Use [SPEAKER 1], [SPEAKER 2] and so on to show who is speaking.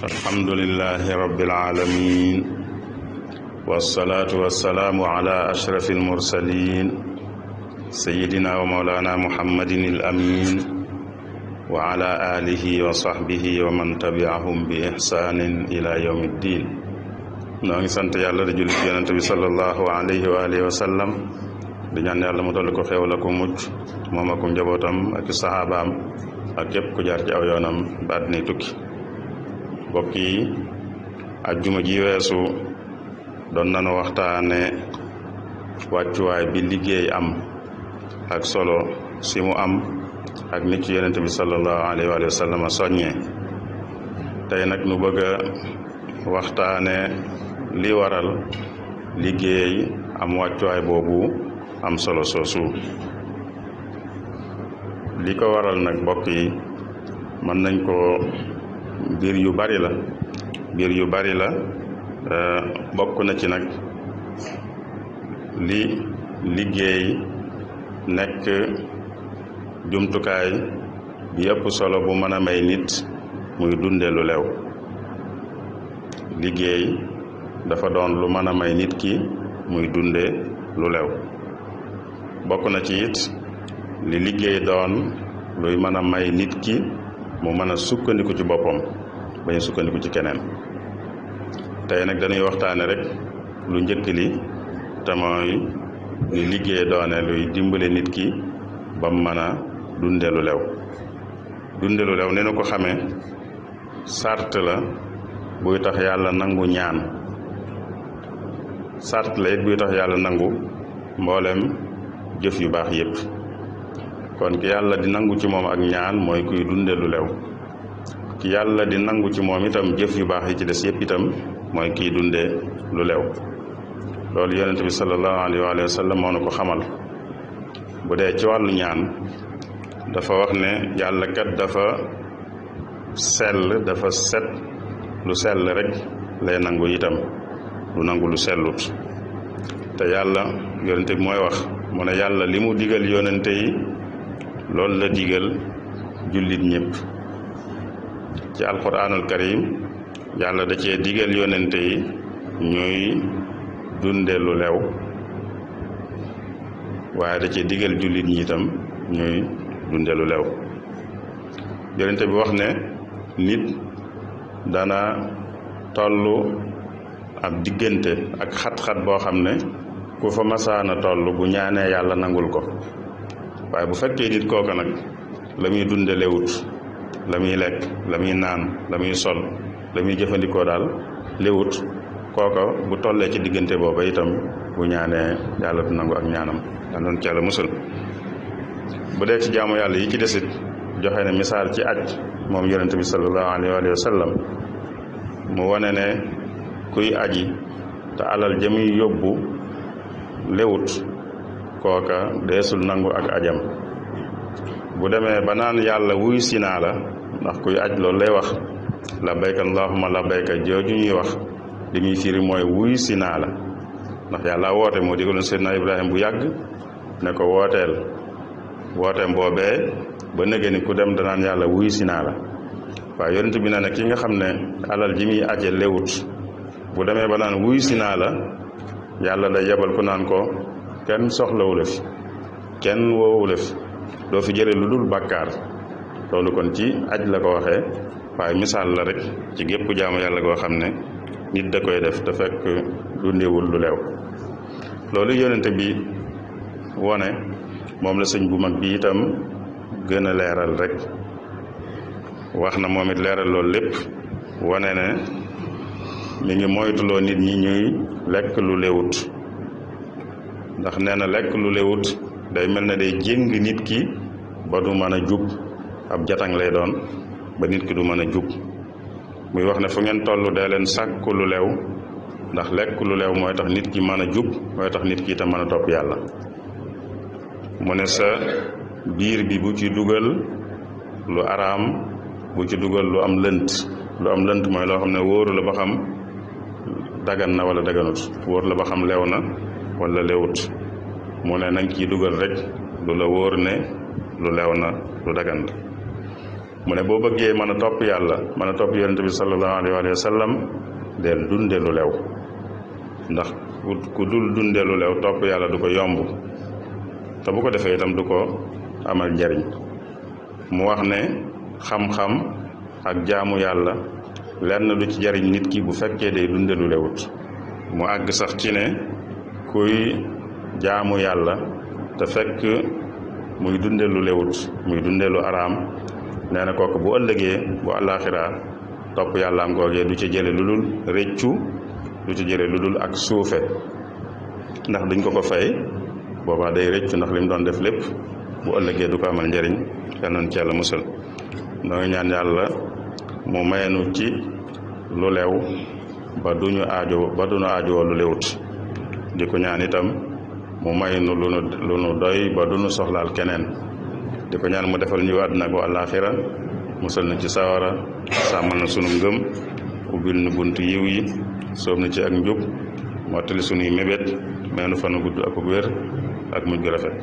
[SPEAKER 1] alhamdulilahi rabbil aalamiin wassalaatu wassalaamu ala ashrafil mursaliin sayyidina wa mawlaana muhammadin al amiin wa ala aalihi wa sahbihi wa man tabi'ahum bi ihsaanin ila yawmi ddiin noo ngi sant yàlla di julli ci yonent bi sallallahu alayhi wa alihi wa sallam di ñaan yàlla mu dolli ko xéewal ak mucc moom ak njabootam ak saxaabaam ak képp ku jaar ci aw yoonam ba àddina tukki mbokk yi ajjuma ji weesu doon nanu waxtaane wàccuwaay bi liggéey am ak solo simu am ak nit ci yonent bi sallallahu alayhi wa sallam soññee tey nag nu bëgg waxtaane li waral liggéey am wàccuwaay boobu am solo soosu li ko waral nag mbokk yi mën nañ ko mbir yu bari la mbir yu bari la eh, bokk na ci nag li liggéey nekk jumtukaay bi yëpp solo bu mën a may nit muy dunde lu lew liggéey dafa doon lu mën a may nit ki muy dunde lu lew bokk na ci it li liggéey doon luy mën a may nit ki mu mën a sukkandiku ci boppam bañu sukkandiku ci keneen tey nag dañuy waxtaane rek lu njëkk li te mooy liggéey doone luy dimbale nit ki ba mu mën a dunde lu lew dundelu lew ni nu ko xamee sart la buy tax yàlla nangu ñaan sart la it buy tax yàlla nangu mbooleem jëf yu baax yépp kon ki yàlla di nangu ci moom ak ñaan mooy kuy dunde lu lew ki yàlla di nangu ci moom itam jëf yu baax yi ci des yépp itam mooy kiy dunde lu lew loolu yonent bi sallallahu alayhi wa sallam moo na xamal bu dee ci wàllu ñaan dafa wax ne yàllakat dafa sell dafa set lu sell rek lay nangu itam lu nangu lu sellut te yàlla yonente mooy wax mu ne yàlla li mu digal yonente yi loolu la digal jullit ñépp ci alquranul karim yàlla da cee digal yonente yi ñuy dunde lew waaye da cee digal jullit ñi itam ñuy lew yonente bi wax ne nit dana toll ab diggante ak xat-xat boo xam ne ku fa masaana toll bu ñaanee yàlla nangul ko waaye bu fekkee nit kooka nag la muy dunde lewut la muy lekk la muy naan la muy sol la muy jëfandikoo daal lewut kooka bu tollee ci diggante booba itam bu ñaanee yàlla du nangu ak ñaanam dan doon ci yàlla musul bu dee ci jaamu yàlla yi ci desit joxe ne misaal ci aj moom yonente bi sallallahu alayhi wa sallam mu wane ne kuy aji te alal jëmuy yóbbu lewut kooka deesul nangu ak ajam bu demee ba naan yàlla wuy si la ndax kuy aj loolu lay wax labbayka allahumma labbayka jooju ñuy wax li muy firi mooy wuy si naa la ndax yàlla woote moo digaloon seydnaa ibrahima bu yàgg ne ko wooteel wooteem boobee ba nëgë ni ku dem danaan yàlla wuy si waa la waaye bi na ne ki nga xam ne alal ji muy aje lewut bu demee ba naan wuy si naa la yàlla da yebal ku naan ko kenn soxlawu la fi kenn woowu la fi doo fi jële lu dul bàkkaar loolu kon ci aj la ko waxee waaye misaal la rek ci gépp jaamu yàlla goo xam ne nit da koy def te fekk dundewul lu leew loolu yonent bi wone moom la sëñ bu mag bi itam gën a leeral rek wax na moom it leeral loolu lépp wane ne mi ngi moytuloo nit ñi ñuy lekk lu lewut ndax nee na lekk lu lewut day mel ne day jéng nit ki ba du mën a jub ab jatang lay doon ba nit ki du mën a jub muy wax ne fu ngeen toll dee leen sàkk lu leew ndax lekk lu leew mooy tax nit ki mën a jub mooy tax nit ki tam mën a topp yàlla mu ne sa biir bi bu ci dugal lu araam bu ci dugal lu am lënt lu am lënt mooy loo xam ne wóoru la ba xam dagan na wala daganut wóoru la ba xam lew na wala lewut mu ne nanga ciy dugal rek lu la wóor ne lu lew na lu dagan la mu ne boo bëggee mën a topp yàlla mën a topp yonente bi sallallahu alayhi wa sallam del dunde lu lew ndax ku topp yàlla du ko yomb te bu ko defee itam du ko amal njariñ mu wax ne xam-xam ak jaamu yàlla lenn du ci jariñ nit kii bu fekkee day dunde lu lewut mu àgg sax ci ne kuy jaamu yàlla te fekk muy dunde lu lewut muy dunde lu araam nee na kooku bu ëllëgee bu àllaaxiraa topp yàllaam googee du ci jële lu dul rëccu du ci jële lu dul ak suufe ndax duñ ko ko fay boobaa day rëccu ndax lim doon def lépp bu ëllëgee du ko amal njariñ yal nañ ci yàlla musal noo ngi ñaan yàlla mu mayenu ci lu lew ba duñu aajo ba duñu aajowoo lu lewut di ñaan itam mu may nu lu nu doy ba du nu soxlaal keneen di ñaan moo defal ñu àddina ak àllaaxira musal na ci sawara sàmmal na sunu ngëm ubbil nu bunt yiw yi soob na ci ak njub mottali sunuy mébét meenu fanu gudd ak wér ak mujj gu rafet